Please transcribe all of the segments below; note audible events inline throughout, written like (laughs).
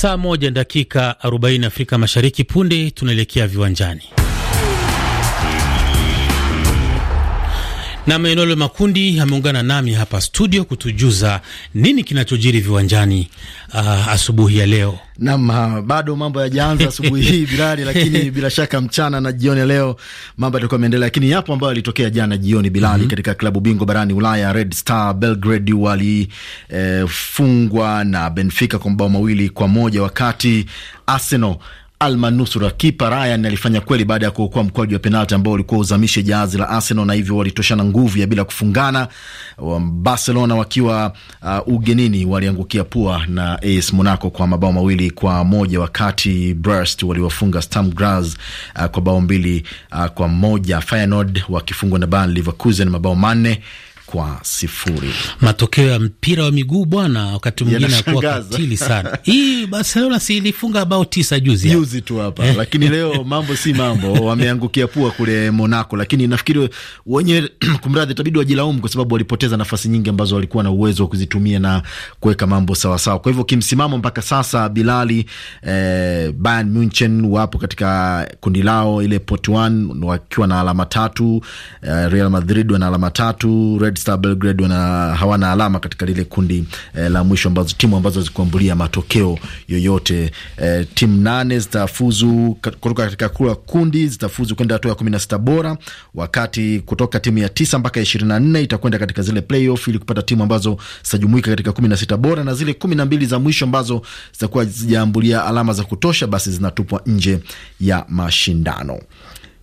Saa moja dakika 40 Afrika Mashariki. Punde tunaelekea viwanjani. na Maenelo Makundi ameungana nami hapa studio kutujuza nini kinachojiri viwanjani uh, asubuhi ya leo. Naam, uh, bado mambo yajaanza asubuhi hii Bilali, lakini (laughs) bila shaka mchana na jioni leo mambo yatakuwa yameendelea, lakini yapo ambayo yalitokea jana jioni Bilali, mm -hmm. katika klabu bingwa barani Ulaya, Red Star Belgrade walifungwa eh, na Benfica kwa mabao mawili kwa moja wakati Arsenal Almanusura. Kipa Ryan alifanya kweli baada ya kuokoa mkwaju wa penalti ambao ulikuwa uzamishe jahazi la Arsenal, na hivyo walitoshana nguvu ya bila kufungana. Barcelona wakiwa uh, ugenini waliangukia pua na AS Monaco kwa mabao mawili kwa moja, wakati Brest waliwafunga Sturm Graz uh, kwa bao mbili uh, kwa moja, Feyenoord wakifungwa na Bayer Leverkusen mabao manne kwa sifuri. Matokeo ya mpira wa miguu bwana, wakati mwingine akuwa katili sana. (laughs) Hii Barcelona si ilifunga bao tisa juzi juzi tu hapa eh. lakini leo mambo si mambo, (laughs) wameangukia pua kule Monaco, lakini nafikiri wenye (clears throat) kumradhi, itabidi wajilaumu kwa sababu walipoteza nafasi nyingi ambazo walikuwa na uwezo wa kuzitumia na kuweka mambo sawa sawa. Kwa hivyo kimsimamo mpaka sasa Bilali, eh, Bayern Munchen wapo katika kundi lao ile pot 1 wakiwa na alama tatu, eh, Real Madrid wana alama tatu, Red Star Belgrade wana hawana alama katika lile kundi eh, la mwisho ambazo timu ambazo zikuambulia matokeo yoyote eh, timu nane zitafuzu kutoka katika kura kundi zitafuzu kwenda hatua ya kumi na sita bora, wakati kutoka timu ya tisa mpaka ishirini na nne itakwenda katika zile playoff ili kupata timu ambazo zitajumuika katika kumi na sita bora, na zile kumi na mbili za mwisho ambazo zitakuwa zijaambulia alama za kutosha, basi zinatupwa nje ya mashindano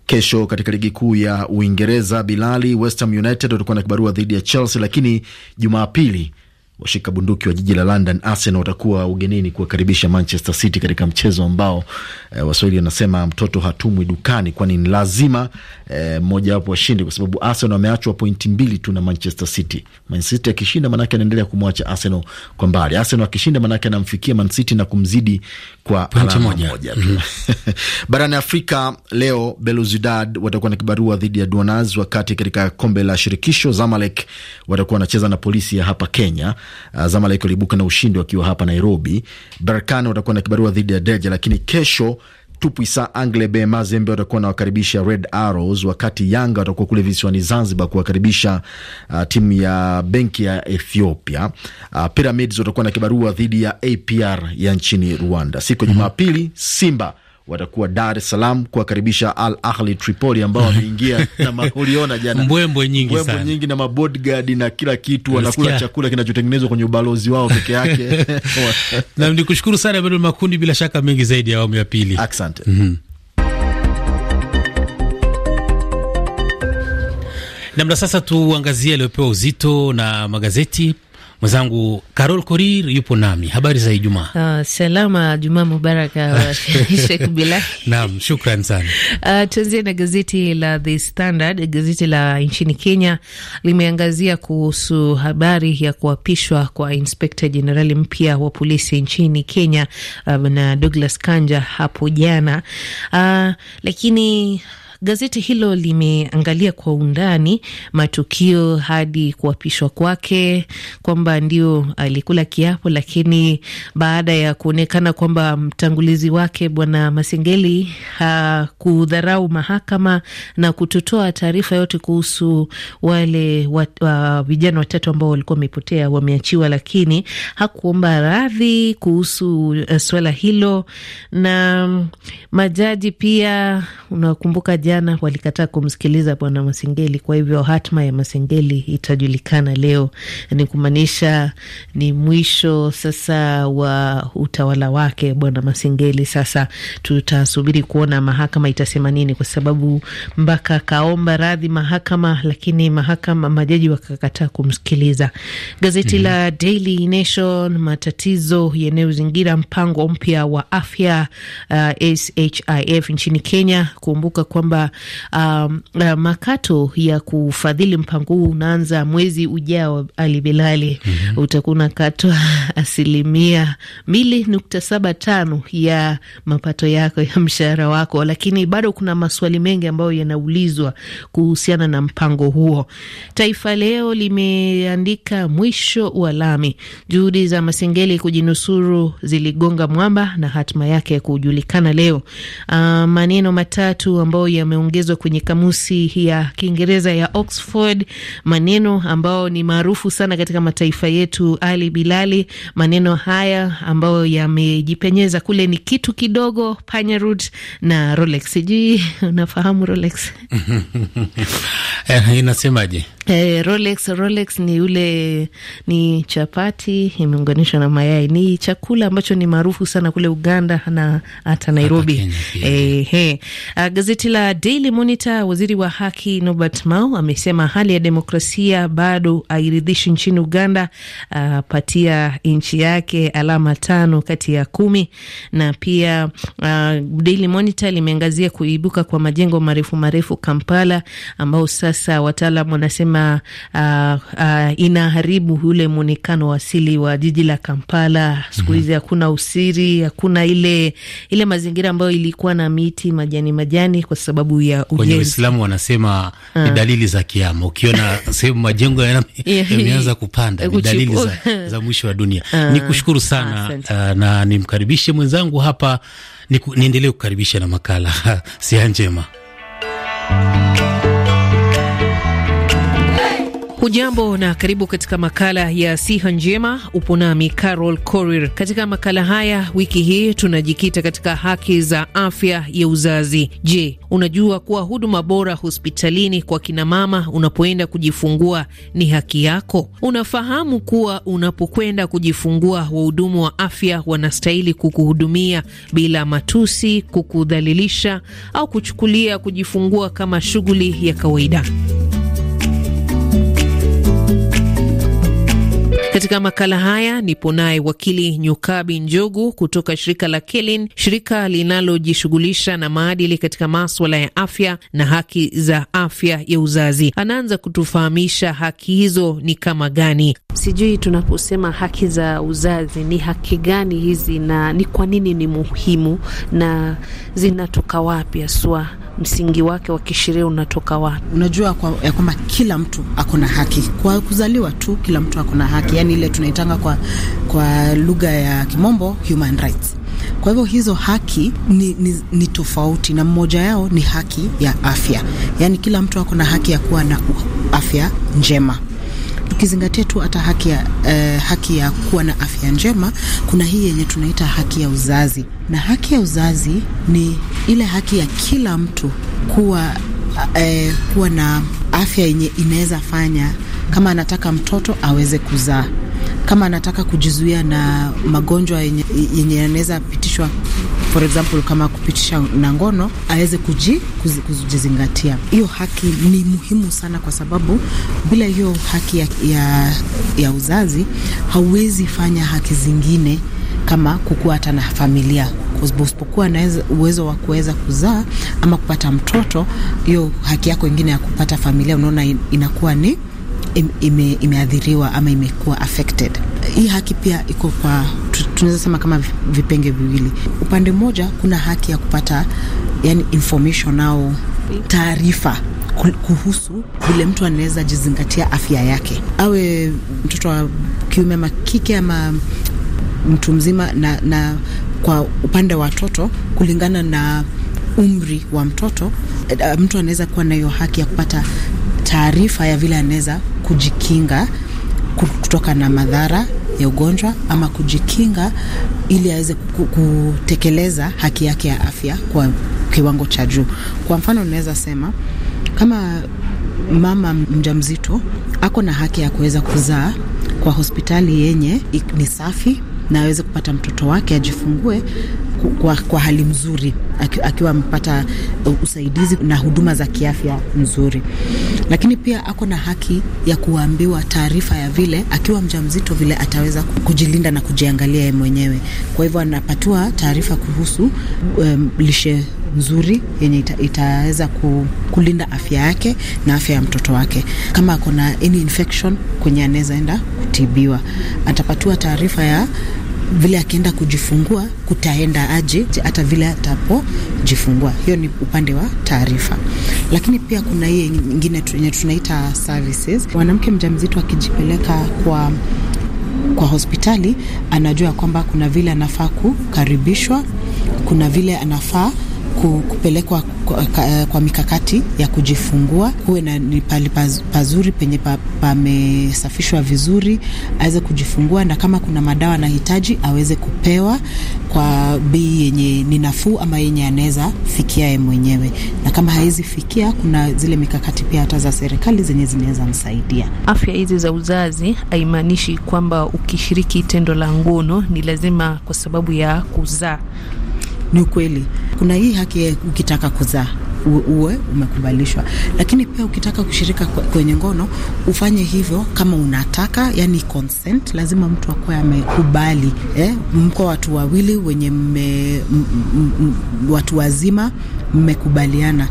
kesho katika ligi kuu ya Uingereza. Bilali, West Ham United watakuwa na kibarua dhidi ya Chelsea, lakini Jumapili Washika bunduki wa jiji la London Arsenal watakuwa ugenini kuwakaribisha Manchester City katika mchezo ambao e, Waswahili wanasema mtoto hatumwi dukani, kwani ni lazima eh, mmoja e, wapo washinde, kwa sababu Arsenal wameachwa pointi mbili tu na Manchester City. Man City akishinda manake anaendelea kumwacha Arsenal kwa mbali. Arsenal akishinda manake anamfikia Man City na kumzidi kwa alama moja, moja Mm -hmm. (laughs) Barani Afrika leo Belouizdad watakuwa na kibarua dhidi ya Duanaz, wakati katika kombe la shirikisho Zamalek watakuwa wanacheza na polisi ya hapa Kenya. Uh, Zamalek waliibuka na ushindi wakiwa hapa Nairobi. Berkane watakuwa na kibarua dhidi ya Deja, lakini kesho Tupuisa Anglebe Mazembe watakuwa nawakaribisha Red Arrows, wakati Yanga watakuwa kule visiwani Zanzibar kuwakaribisha uh, timu ya benki ya Ethiopia. Uh, Pyramids watakuwa na kibarua dhidi ya APR ya nchini Rwanda siku ya mhm. Jumapili. Simba watakuwa Dar es Salaam kuwakaribisha Al Ahli Tripoli ambao wameingia (laughs) na mauliona jana mbwembwe nyingi mbwembwe sana nyingi na mabodyguard na kila kitu, wanakula chakula kinachotengenezwa kwenye ubalozi wao peke yake. (laughs) ni kushukuru sana Emmanuel Makundi, bila shaka mengi zaidi ya awamu ya pili. Asante. mm -hmm. Namna sasa tuangazie aliyopewa uzito na magazeti. Mwenzangu Carol Korir yupo nami. Habari za Ijumaa? Uh, salama, Jumaa mubaraka ah, (laughs) Sheikh Bila. Naam, shukran sana. Uh, tuanzie na gazeti la The Standard. Gazeti la nchini Kenya limeangazia kuhusu habari ya kuapishwa kwa inspekta jenerali mpya wa polisi nchini Kenya, uh, na Douglas Kanja hapo jana, uh, lakini Gazeti hilo limeangalia kwa undani matukio hadi kuapishwa kwake, kwamba ndio alikula kiapo, lakini baada ya kuonekana kwamba mtangulizi wake Bwana Masengeli hakudharau mahakama na kutotoa taarifa yote kuhusu wale vijana watatu ambao walikuwa wamepotea, wameachiwa, lakini hakuomba radhi kuhusu uh, swala hilo na mm, majaji pia unakumbuka jana walikataa kumsikiliza bwana Masengeli. Kwa hivyo hatma ya Masengeli itajulikana leo, ni kumaanisha ni mwisho sasa wa utawala wake bwana Masengeli. Sasa tutasubiri kuona mahakama itasema nini, kwa sababu mpaka kaomba radhi mahakama, lakini mahakama majaji wakakataa kumsikiliza. Gazeti mm -hmm. la Daily Nation, matatizo yanayozingira mpango mpya wa afya uh, SHIF nchini Kenya. Kumbuka kwamba kwamba um, uh, makato ya kufadhili mpango huu unaanza mwezi ujao. Ali Bilali, mm -hmm. utakuwa unakatwa (laughs) asilimia mbili nukta saba tano ya mapato yako ya mshahara wako, lakini bado kuna maswali mengi ambayo yanaulizwa kuhusiana na mpango huo. Taifa Leo limeandika mwisho wa lami, juhudi za Masengeli kujinusuru ziligonga mwamba na hatima yake kujulikana leo. Uh, maneno matatu ambayo ya yameongezwa kwenye kamusi ya Kiingereza ya Oxford, maneno ambayo ni maarufu sana katika mataifa yetu. Ali Bilali, maneno haya ambayo yamejipenyeza kule ni kitu kidogo, root na Rolex. Sijui (laughs) unafahamu Rolex? (laughs) Eh, inasemaje? Eh, Rolex, Rolex ni ule ni chapati imeunganishwa na mayai, ni chakula ambacho ni maarufu sana kule Uganda na hata Nairobi. Eh, eh. Gazeti la Daily Monitor, waziri wa haki Norbert Mao amesema hali ya demokrasia bado hairidhishi nchini Uganda, apatia uh, nchi yake alama tano kati ya kumi. Na pia uh, Daily Monitor limeangazia kuibuka kwa majengo marefu marefu Kampala, ambao sasa wataalam wanasema uh, uh, inaharibu ule mwonekano asili wa jiji la Kampala. Siku hizi hakuna usiri, hakuna ile ile mazingira ambayo ilikuwa na miti majani majani, kwa sababu sababu ya ujenzi. Waislamu wanasema ni ah. dalili za kiama. Ukiona (laughs) sehemu majengo yameanza kupanda ni dalili za, (laughs) za mwisho wa dunia. Ah. ni kushukuru sana uh, na nimkaribishe mwenzangu hapa niendelee kukaribisha na makala (laughs) siha njema Hujambo na karibu katika makala ya siha njema. Upo nami Carol Korir. Katika makala haya wiki hii tunajikita katika haki za afya ya uzazi. Je, unajua kuwa huduma bora hospitalini kwa kinamama unapoenda kujifungua ni haki yako? Unafahamu kuwa unapokwenda kujifungua, wahudumu wa afya wanastahili kukuhudumia bila matusi, kukudhalilisha au kuchukulia kujifungua kama shughuli ya kawaida. Katika makala haya nipo naye wakili Nyukabi Njogu kutoka shirika la KELIN, shirika linalojishughulisha na maadili katika maswala ya afya na haki za afya ya uzazi. Anaanza kutufahamisha haki hizo ni kama gani sijui tunaposema haki za uzazi ni haki gani hizi, na ni kwa nini ni muhimu, na zinatoka wapi haswa? Msingi wake wa kisheria unatoka wapi? Unajua kwa, ya kwamba kila mtu ako na haki kwa kuzaliwa tu, kila mtu ako na haki, yani ile tunaitanga kwa, kwa lugha ya kimombo human rights. Kwa hivyo hizo haki ni, ni, ni tofauti na mmoja yao ni haki ya afya, yaani kila mtu ako na haki ya kuwa na afya njema Ukizingatia tu hata haki ya, eh, haki ya kuwa na afya njema, kuna hii yenye tunaita haki ya uzazi, na haki ya uzazi ni ile haki ya kila mtu kuwa eh, kuwa na afya yenye inaweza fanya kama anataka mtoto aweze kuzaa, kama anataka kujizuia na magonjwa yenye yanaweza pitishwa for example kama kupitisha na ngono aweze kujizingatia kuzi, kujizingatia. Hiyo haki ni muhimu sana, kwa sababu bila hiyo haki ya, ya, ya uzazi hauwezi fanya haki zingine kama kukua hata na familia usipokuwa na uwezo wa kuweza kuzaa ama kupata mtoto, hiyo haki yako ingine ya kupata familia, unaona inakuwa ni ime, imeathiriwa ama imekuwa affected. Hii haki pia iko kwa tunaweza sema kama vipenge viwili. Upande mmoja kuna haki ya kupata yani information au taarifa kuhusu vile mtu anaweza jizingatia afya yake, awe mtoto wa kiume ama kike ama mtu mzima, na, na kwa upande wa watoto kulingana na umri wa mtoto, eh, mtu anaweza kuwa na hiyo haki ya kupata taarifa ya vile anaweza kujikinga kutoka na madhara ya ugonjwa ama kujikinga ili aweze kutekeleza haki yake ya afya kwa kiwango cha juu. Kwa mfano, unaweza sema kama mama mjamzito ako na haki ya kuweza kuzaa kwa hospitali yenye ni safi na aweze kupata mtoto wake ajifungue kwa, kwa hali mzuri akiwa amepata uh, usaidizi na huduma za kiafya mzuri, lakini pia ako na haki ya kuambiwa taarifa ya vile akiwa mjamzito vile ataweza kujilinda na kujiangalia yeye mwenyewe. Kwa hivyo anapatiwa taarifa kuhusu um, lishe nzuri yenye ita, itaweza ku, kulinda afya yake na afya ya mtoto wake. Kama ako na any infection kwenye anaweza enda kutibiwa, atapatiwa taarifa ya vile akienda kujifungua kutaenda aje hata vile atapojifungua. Hiyo ni upande wa taarifa, lakini pia kuna hii nyingine yenye tunaita services. Mwanamke mjamzito akijipeleka kwa kwa hospitali, anajua kwamba kuna vile anafaa kukaribishwa, kuna vile anafaa kupelekwa kwa, kwa, mikakati ya kujifungua, kuwe na ni pahali pazuri penye pamesafishwa vizuri, aweze kujifungua, na kama kuna madawa anahitaji aweze kupewa kwa bei yenye ni nafuu ama yenye anaweza fikia ye mwenyewe, na kama hawezi fikia, kuna zile mikakati pia hata za serikali zenye zinaweza msaidia. Afya hizi za uzazi haimaanishi kwamba ukishiriki tendo la ngono ni lazima kwa sababu ya kuzaa ni ukweli. Kuna hii haki ukitaka kuzaa uwe umekubalishwa, lakini pia ukitaka kushirika kwenye ngono ufanye hivyo kama unataka, yani consent. Lazima mtu akuwe amekubali eh? Mko watu wawili wenye me, m, m, m, watu wazima mmekubaliana.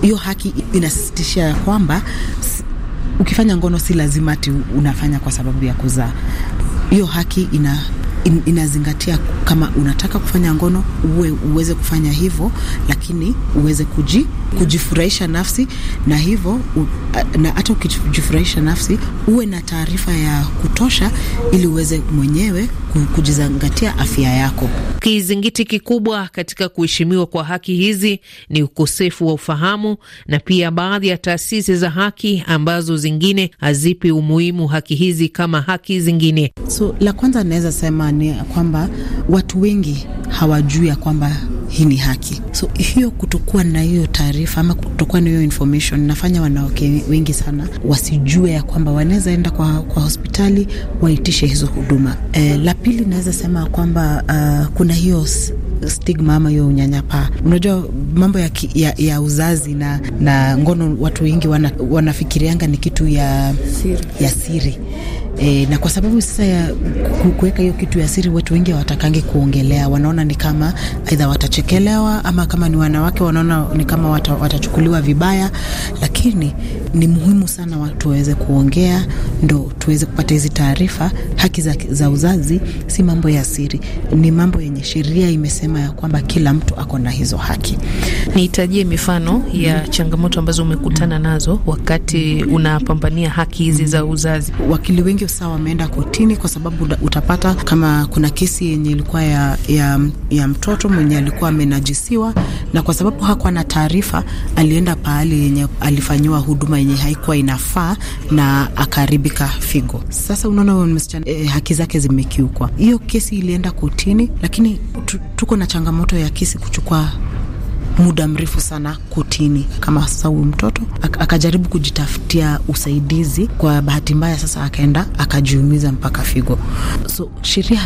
Hiyo haki inasisitishia ya kwamba ukifanya ngono si lazima ati unafanya kwa sababu ya kuzaa. Hiyo haki ina in, inazingatia kama unataka kufanya ngono uwe, uweze kufanya hivyo, lakini uweze kuji, kujifurahisha nafsi na hivyo na hata ukijifurahisha nafsi uwe na taarifa ya kutosha ili uweze mwenyewe kujizingatia afya yako. Kizingiti kikubwa katika kuheshimiwa kwa haki hizi ni ukosefu wa ufahamu na pia baadhi ya taasisi za haki ambazo zingine hazipi umuhimu haki hizi kama haki zingine. So la kwanza naweza sema ni kwamba watu wengi hawajui ya kwamba hii ni haki. So hiyo kutokuwa na hiyo taarifa ama kutokuwa na hiyo information nafanya wanawake wengi sana wasijue ya kwamba wanaweza enda kwa, kwa hospitali waitishe hizo huduma. E, la pili, naweza sema kwamba uh, kuna hiyo stigma ama hiyo unyanyapaa. Unajua mambo ya, ki, ya, ya uzazi na, na ngono, watu wengi wana, wanafikirianga ni kitu ya siri, ya siri e, na kwa sababu sasa ya kuweka hiyo kitu ya siri, watu wengi hawatakangi kuongelea, wanaona ni kama aidha watachekelewa ama kama ni wanawake wanaona ni kama wata, watachukuliwa vibaya, lakini ni muhimu sana watu waweze kuongea ndo tuweze kupata hizi taarifa. Haki za, za uzazi si mambo ya siri, ni mambo yenye sheria imesema ya kwamba kila mtu ako na hizo haki. Nihitajie mifano ya changamoto ambazo umekutana nazo wakati unapambania haki hizi za uzazi. Wakili wengi wengi sawa wameenda kotini, kwa sababu utapata kama kuna kesi yenye ilikuwa ya, ya, ya mtoto mwenye alikuwa amenajisiwa, na kwa sababu hakuwa na taarifa, alienda pahali yenye alifanyiwa huduma yenye haikuwa inafaa na akaharibika figo. Sasa unaona msichana e, haki zake zimekiukwa. Hiyo kesi ilienda kotini, lakini tuko na changamoto ya kesi kuchukua muda mrefu sana kotini. Kama sasa huyu mtoto akajaribu kujitafutia usaidizi, kwa bahati mbaya sasa akaenda akajiumiza mpaka figo. So sheria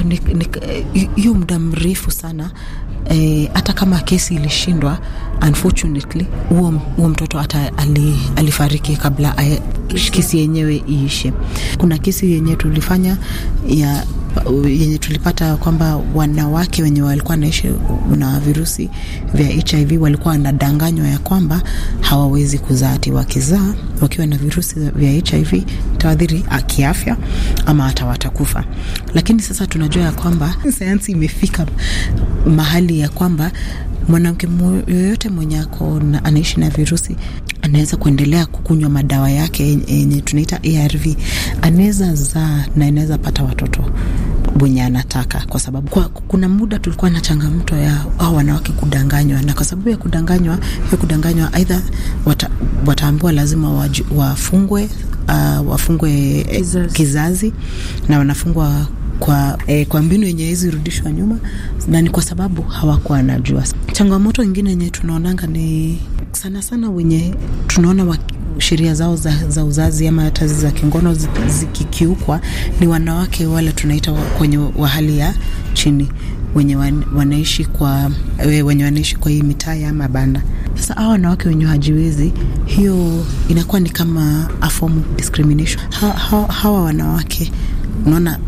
hiyo eh, muda mrefu sana E, hata kama kesi ilishindwa, unfortunately huo mtoto hata ali, alifariki kabla eh, kesi yenyewe iishe. Kuna kesi yenyewe tulifanya ya yenye tulipata kwamba wanawake wenye walikuwa naishi na virusi vya HIV walikuwa wanadanganywa ya kwamba hawawezi kuzaa, ati wakizaa wakiwa na virusi vya HIV tawadhiri kiafya ama hata watakufa. Lakini sasa tunajua ya kwamba (laughs) sayansi imefika mahali ya kwamba mwanamke yoyote mwenye ako anaishi na virusi anaweza kuendelea kukunywa madawa yake yenye tunaita ARV, anaweza zaa na anaweza pata watoto mwenye anataka kwa sababu kwa, kuna muda tulikuwa na changamoto ya au wanawake kudanganywa, na kwa sababu ya kudanganywa ya kudanganywa, aidha wata, lazima waj, wafungwe uh, wafungwe kizazi. kizazi na wanafungwa kwa, eh, kwa mbinu yenye hizi rudishwa nyuma, na ni kwa sababu hawakuwa wanajua. Changamoto ingine yenye tunaonanga ni sana sana wenye tunaona sheria zao za, za uzazi ama hata za kingono zikikiukwa ni wanawake wale tunaita kwenye wa hali ya chini wenye wanaishi kwa wenye wanaishi kwa hii mitaa ya mabanda. Sasa hawa wanawake wenye hajiwezi, hiyo inakuwa ni kama a form of discrimination. Ha, ha, hawa wanawake unaona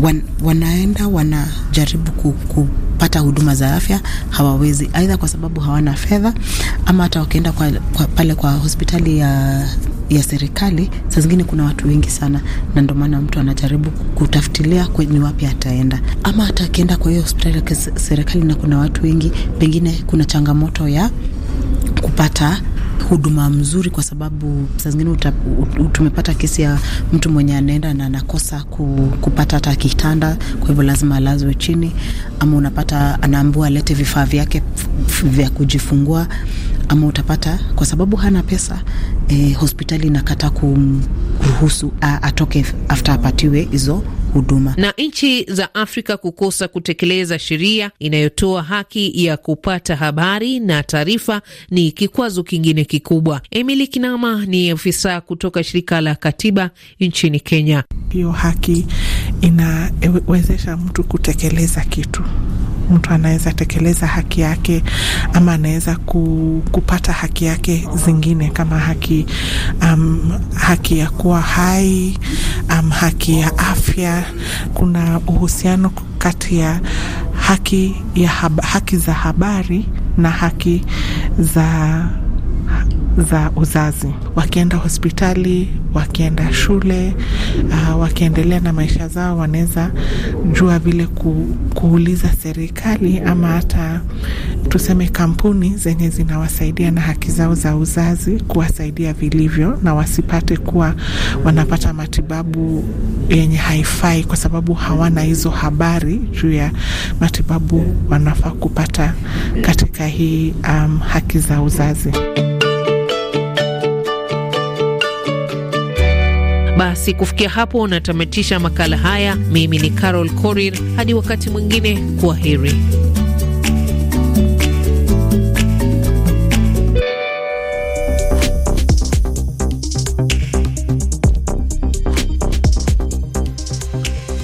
wan, wanaenda wanajaribu ku, ku, kupata huduma za afya hawawezi, aidha kwa sababu hawana fedha ama hata wakienda kwa, kwa, pale kwa hospitali ya ya serikali saa zingine kuna watu wengi sana, na ndio maana mtu anajaribu kutafutilia ni wapi ataenda, ama hata akienda kwa hiyo hospitali ya serikali na kuna watu wengi, pengine kuna changamoto ya kupata huduma mzuri, kwa sababu saa zingine tumepata kesi ya mtu mwenye anaenda na anakosa ku, kupata hata kitanda, kwa hivyo lazima alazwe chini, ama unapata anaambua alete vifaa vyake vya kujifungua, ama utapata kwa sababu hana pesa eh, hospitali inakataa kuruhusu atoke afta apatiwe hizo huduma. Na nchi za Afrika kukosa kutekeleza sheria inayotoa haki ya kupata habari na taarifa ni kikwazo kingine kikubwa. Emily Kinama ni afisa kutoka shirika la katiba nchini Kenya. Hiyo haki inawezesha mtu kutekeleza kitu. Mtu anaweza tekeleza haki yake ama anaweza ku, kupata haki yake zingine kama haki, um, haki ya kuwa hai um, haki ya afya. Kuna uhusiano kati ya haki ya haba, haki za habari na haki za za uzazi, wakienda hospitali, wakienda shule, uh, wakiendelea na maisha zao, wanaweza jua vile ku, kuuliza serikali ama hata tuseme kampuni zenye zinawasaidia na haki zao za uzazi kuwasaidia vilivyo, na wasipate kuwa wanapata matibabu yenye haifai, kwa sababu hawana hizo habari juu ya matibabu wanafaa kupata katika hii um, haki za uzazi. Basi kufikia hapo natamatisha makala haya. Mimi ni Carol Korir, hadi wakati mwingine, kwa heri.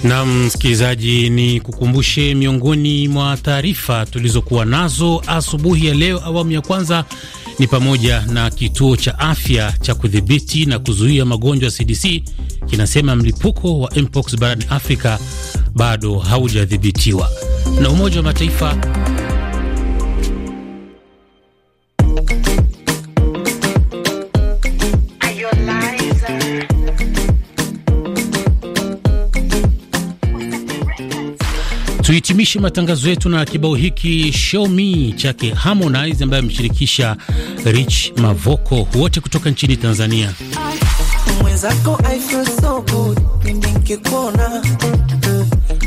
Nam msikilizaji, ni kukumbushe miongoni mwa taarifa tulizokuwa nazo asubuhi ya leo awamu ya kwanza ni pamoja na kituo cha afya cha kudhibiti na kuzuia magonjwa CDC kinasema mlipuko wa mpox barani Afrika bado haujadhibitiwa. Na Umoja wa Mataifa Tuhitimishe matangazo yetu na kibao hiki Show Me chake Harmonize ambaye ameshirikisha Rich Mavoko, wote kutoka nchini Tanzania. Mwenzako I feel so good nikikuona,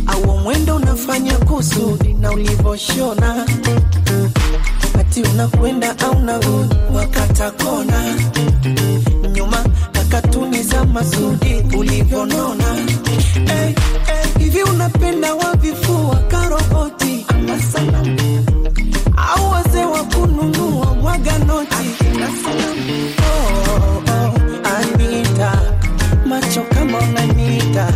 au mwendo unafanya kusudi na ulivyoshona, ati unakwenda au unarudi, wakata kona nyuma na za masudi ulivyonona hey hivi unapenda wavifua karoboti au wazee wa kununua mwaga noti oh, oh, Anita oh, macho kama unanita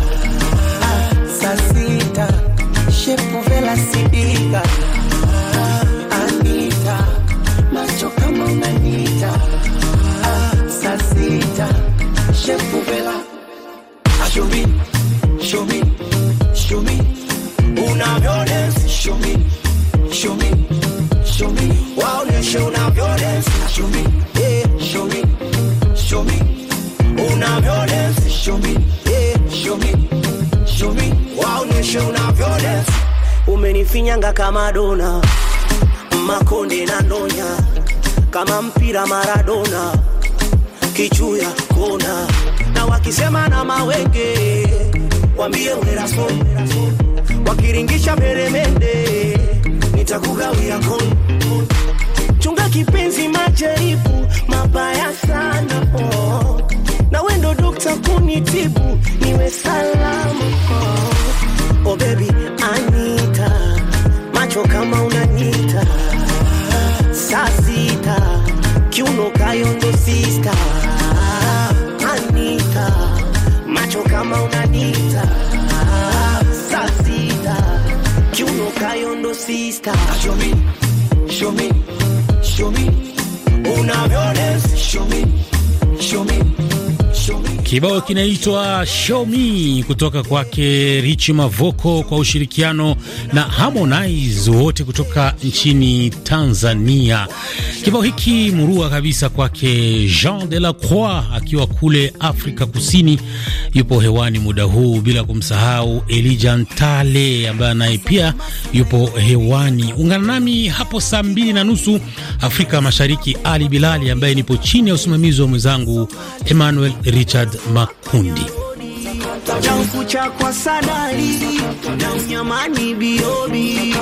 kufinyanga kama dona, makonde na nonya kama mpira Maradona, kichuya kona na wakisema na mawenge wambie weraso, wakiringisha peremende nitakugawia kona Kibao kinaitwa Show Me kutoka kwake Richi Mavoko kwa ushirikiano na Harmonize wote kutoka nchini Tanzania. Kibao hiki murua kabisa kwake Jean de la Croix akiwa kule Afrika Kusini, yupo hewani muda huu, bila kumsahau Elija Ntale ambaye naye pia yupo hewani. Ungana nami hapo saa mbili na nusu Afrika Mashariki, Ali Bilali ambaye nipo chini ya usimamizi wa mwenzangu Emmanuel Richard na unyamani biobi